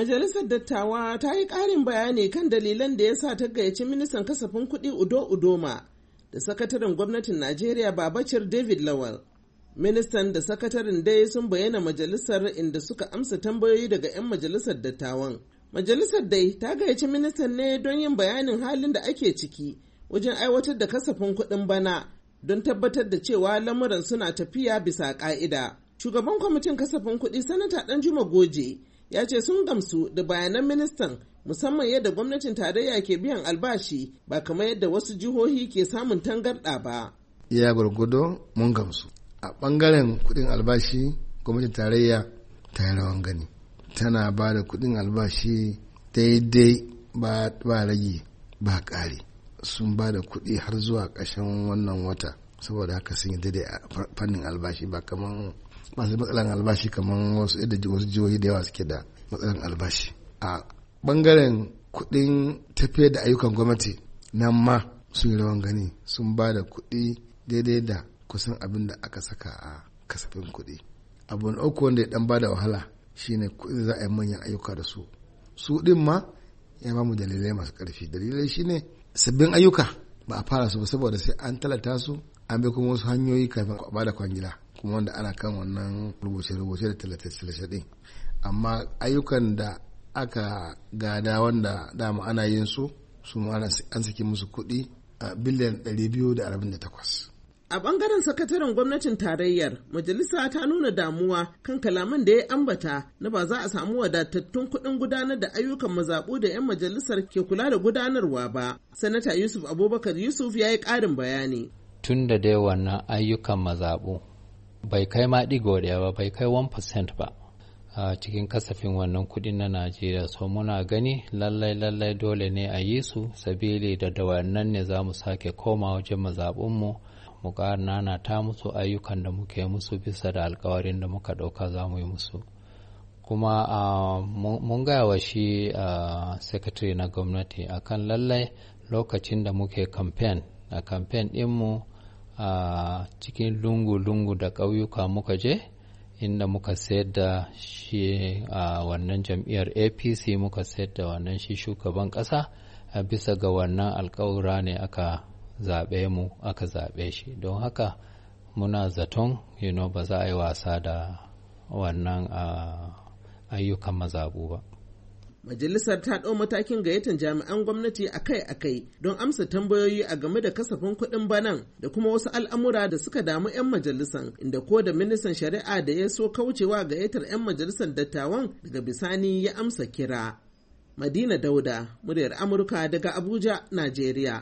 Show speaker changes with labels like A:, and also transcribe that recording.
A: Majalisar Dattawa ta yi ƙarin bayani kan dalilan da ya sa ta gayyaci ministan kasafin kuɗi Udo Udoma da sakataren gwamnatin Najeriya Babacir David Lawal. Ministan da sakataren dai sun bayyana majalisar inda suka amsa tambayoyi daga 'yan majalisar dattawan. Majalisar dai ta gayyaci ministan ne don yin bayanin halin da ake ciki wajen aiwatar da kasafin kuɗin bana don tabbatar da cewa lamuran suna tafiya bisa ƙa'ida. Shugaban kwamitin kasafin kuɗi Sanata Danjuma Goje ya ce sun gamsu da bayanan ministan musamman yadda gwamnatin tarayya ke biyan albashi ba kamar yadda wasu jihohi ke samun tangarɗa ba.
B: Ya gwargwado mun gamsu. A ɓangaren kuɗin albashi gwamnatin tarayya ta yi rawan gani. Tana ba da kuɗin albashi daidai ba rage ba ƙari. Sun ba da kuɗi har zuwa ƙarshen wannan wata. Saboda haka sun yi daidai a fannin albashi ba kamar masu matsalan albashi kamar wasu yadda wasu jihohi da yawa suke da matsalan albashi a bangaren kuɗin tafiye da ayyukan gwamnati nan ma sun yi rawan gani sun ba da kuɗi daidai da kusan abin da aka saka a kasafin kuɗi abu na uku wanda ya dan ba da wahala shine kuɗin za a yi manyan ayyuka da su su ɗin ma ya ba mu dalilai masu karfi dalilai shine sabbin ayyuka ba a fara su ba saboda sai an talata su an bi kuma wasu hanyoyi kafin a bada kwangila kuma wanda ana kan wannan rubuce-rubuce da tallace din amma ayyukan da aka gada wanda dama ana yin su su an saki musu kuɗi a biliyan 248
A: A bangaren sakataren gwamnatin tarayyar, majalisa ta nuna damuwa kan kalaman da ya ambata na ba za a samu wadatattun kuɗin gudanar da ayyukan mazaɓu da 'yan majalisar ke kula da gudanarwa ba. Sanata Yusuf Abubakar Yusuf ya yi ƙarin bayani.
C: Tun da dai wannan ayyukan mazaɓu bai kai ma ɗigo ɗaya ba bai kai 1% ba a cikin kasafin wannan kuɗi na najeriya so muna gani lallai lallai dole ne a yi su sabili da da wannan ne za mu sake koma wajen mazaɓinmu mu ƙara ta musu ayyukan da muke musu bisa da alkawarin da muka ɗauka za mu yi musu kuma mun gaya wa shi uh, secretary na gwamnati akan lallai lokacin da muke campaign a campaign ɗinmu a cikin lungu-lungu da ƙauyuka muka je inda muka sayar da shi a wannan jam'iyyar apc muka sayar da wannan shi shugaban ƙasa a bisa ga wannan alƙawura ne aka zaɓe mu aka zaɓe shi don haka muna zaton you ba za a yi wasa da wannan ayyukan mazaɓu ba
A: Majalisar ta ɗau matakin gayyatar jami'an gwamnati akai-akai don amsa tambayoyi a game da kasafin kuɗin banan da kuma wasu al'amura da suka damu 'yan majalisar inda ko da ministan shari'a da ya so kaucewa gayyatar 'yan majalisar dattawan daga bisani ya amsa kira. Madina Dauda, muryar Amurka daga Abuja, Najeriya.